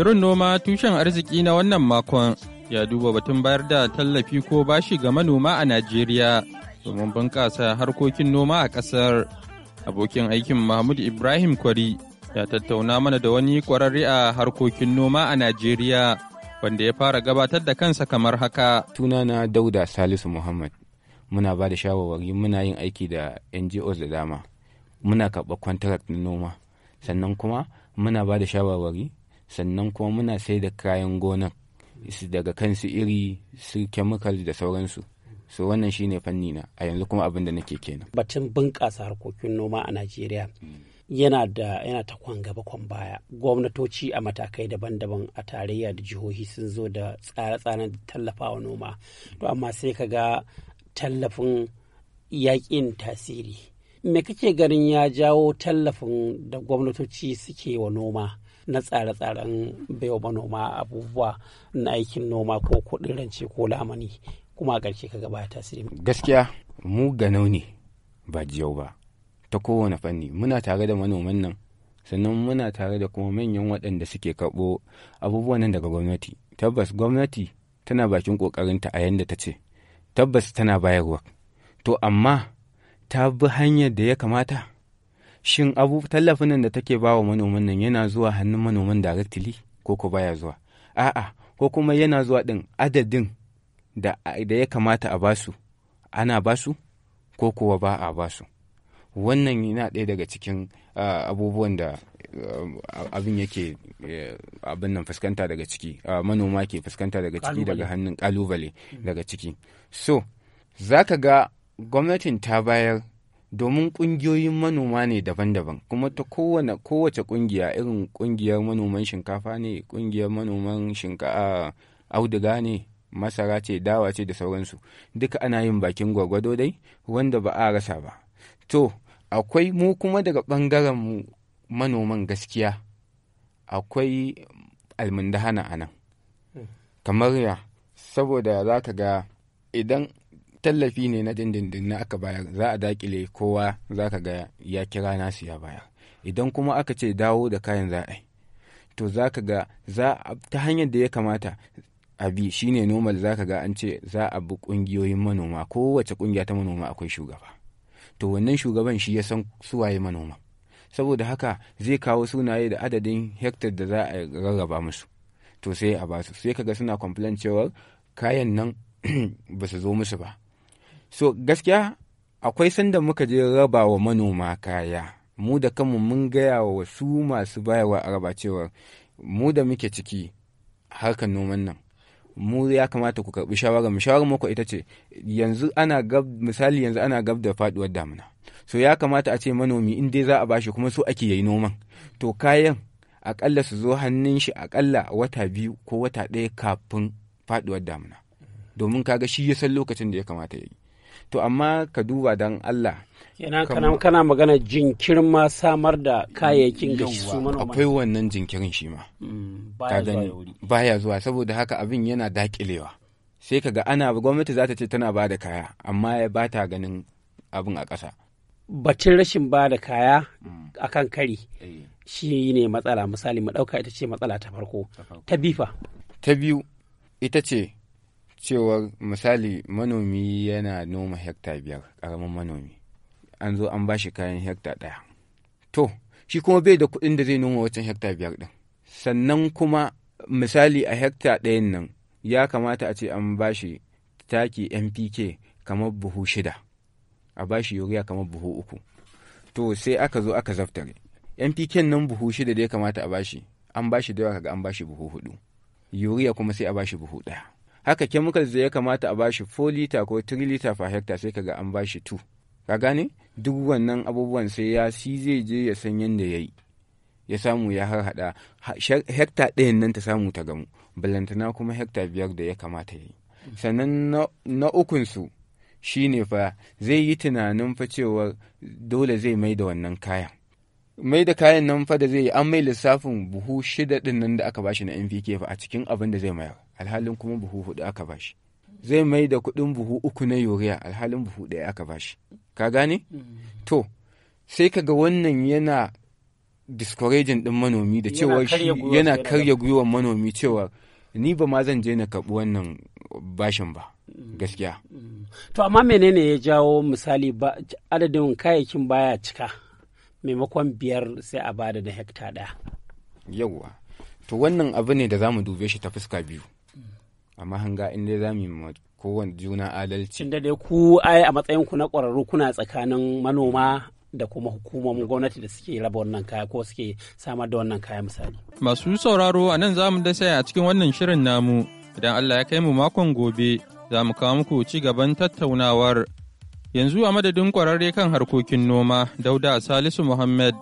Shirin noma tushen arziki na wannan makon ya duba batun bayar da tallafi ko bashi ga manoma a Najeriya domin bunƙasa harkokin noma a ƙasar. Abokin aikin Mahmud Ibrahim Kwari ya tattauna mana da wani ƙwararre a harkokin noma a Najeriya wanda ya fara gabatar da kansa kamar haka. Sunana Dauda Salisu Muhammad. Muna ba da shawarwari muna yin aiki da NGOs da dama. Muna karɓar kwantarak na noma. Sannan kuma muna ba da shawarwari sannan kuma muna sai da kayan gonar daga kansu iri su kemikal da sauransu so wannan shine fanni na a yanzu kuma abin da nake kenan batun bunƙasa harkokin noma a najeriya yana da yana ta kwan gaba baya gwamnatoci a matakai daban-daban a tarayya da jihohi sun zo da tsare-tsaren tallafawa noma to amma sai ka ga tallafin yaƙin tasiri me kake ganin ya jawo tallafin da gwamnatoci suke wa noma na tsare-tsaren baiwa manoma abubuwa na aikin noma ko kuɗin rance ko lamani kuma a ƙarshe ka gabata. tasiri. Gaskiya mu ganau ne ba jiyau ba ta kowane fanni muna tare da manoman nan sannan muna tare da kuma manyan waɗanda suke karɓo abubuwan nan daga gwamnati tabbas gwamnati tana bakin ƙoƙarinta a yanda ta ce tabbas tana bayarwa to amma ta bi hanyar da ya kamata shin abu tallafin da take ba wa manoman nan yana zuwa hannun manoman directly ko ko baya zuwa a'a ko kuma yana zuwa din adadin da ya kamata a basu ana basu ko kuwa ba a basu wannan yana ɗaya daga cikin abubuwan da abin yake abin nan fuskanta daga ciki manoma ke fuskanta daga ciki daga hannun kalubale mm. daga ciki so za ka ga gwamnatin ta bayar domin ƙungiyoyin manoma ne daban-daban kuma ta kowace ƙungiya irin ƙungiyar manoman shinkafa ne ƙungiyar manoman shinkafa auduga ne masara ce dawa ce da sauransu duka ana yin bakin gwagwado dai wanda ba a rasa ba to akwai mu kuma daga ɓangaren manoman gaskiya akwai almundahana a nan hmm. kamar ya saboda za ka ga idan tallafi ne na dindindin na aka bayar za a dakile kowa za ka ga ya kira nasu ya bayar idan kuma aka ce dawo da kayan za a yi to za ka ga ta hanyar da ya kamata a bi shine normal za ka ga an ce za a bi ƙungiyoyin manoma kowace ƙungiya ta manoma akwai shugaba to wannan shugaban shi ya san suwaye manoma saboda haka zai kawo sunaye da adadin hektar da za a rarraba musu to sai a basu sai ka ga suna complain cewar kayan nan ba su zo musu ba so gaskiya akwai sanda muka je raba wa manoma kaya mu da kanmu mun gaya wa su masu bayarwa a raba cewa mu da muke ciki harkar noman nan mu ya kamata ku karbi shawarar mu shawarar muku ita ce yanzu ana gab misali yanzu ana gab da faduwar damina so ya kamata a ce manomi in dai za a bashi kuma so ake yayi noman to kayan akalla su zo hannun shi akalla wata biyu ko wata ɗaya kafin faduwar damina domin kaga shi ya san lokacin da ya kamata ya yi to amma ka duba don Allah yana kana magana jinkirin ma samar da kayayyakin ga su manoma akwai wannan jinkirin shi ma mm, baya zuwa saboda haka abin yana dakilewa sai ka ga ana gwamnati za ta ce tana ba da kaya amma ya ba ta ganin abin a ƙasa batun rashin ba da kaya mm. a kan kari eh. shi ne matsala misali mu ɗauka ita ce matsala ta farko ta bifa ta biyu ita ce cewar misali manomi yana noma hekta biyar ƙaramin manomi an zo an bashi kayan hekta ɗaya to shi kuma bai da kuɗin da zai noma wancan hekta biyar ɗin sannan kuma misali a hekta ɗayan nan ya kamata a ce an bashi taki mpk kamar buhu shida a bashi yuriya kamar buhu uku to sai aka zo aka zaftare mpk nan buhu shida da ya kamata a bashi an bashi da yawa kaga an bashi buhu huɗu yuriya kuma sai a bashi buhu ɗaya haka chemicals da ya kamata a bashi 4 lita ko 3 lita per hectare sai kaga an bashi 2 ka gane duk wannan abubuwan sai ya si zai je ya san yadda ya yi ya samu ya harhaɗa hekta ɗayan nan ta samu ta gamu balantana kuma hekta biyar da ya kamata ya yi sannan na ukunsu shi ne fa zai yi tunanin fa cewa dole zai mai da wannan kayan mai da kayan nan fa zai yi an mai lissafin buhu shida din nan da aka bashi na MVK fa a cikin abin da zai mayar alhalin kuma buhu hudu aka bashi zai mai da kuɗin buhu uku na yuriya alhalin buhu ɗaya aka bashi ka gane mm-hmm. to sai ka ga wannan yana discouraging din manomi da cewa yana karya gwiwar manomi cewa ni ba ma zan je na karɓi wannan bashin ba mm-hmm. gaskiya mm-hmm. to amma menene ya jawo misali adadin kayayyakin baya cika maimakon biyar sai a bada da hekta ɗaya. yawwa to wannan abu ne da za mu dube shi ta fuska biyu amma hanga in dai za mu kowane juna adalci da dai ku ai a matsayin ku na ƙwararru kuna tsakanin manoma da kuma hukumomin gwamnati da suke raba wannan kaya ko suke samar da wannan kaya misali masu sauraro a nan za mu dasa a cikin wannan shirin namu idan Allah ya kai mu makon gobe za mu kawo muku ci gaban tattaunawar Yanzu a madadin kwararre kan harkokin noma Dauda Salisu Muhammad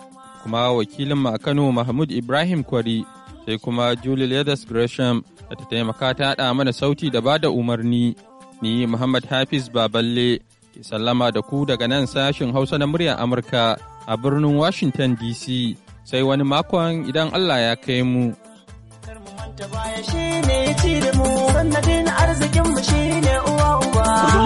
kuma wakilin a Kano Mahmud Ibrahim Kwari sai kuma Julie Leathers Gresham da ta taimaka ta haɗa mana sauti da ba da umarni. Ni Muhammad Hafiz Baballe ke sallama da ku daga nan sashin Hausa na muryar Amurka a birnin Washington DC sai wani makon idan Allah ya kai mu. Sanadin arzikinmu shi ne uwa uba.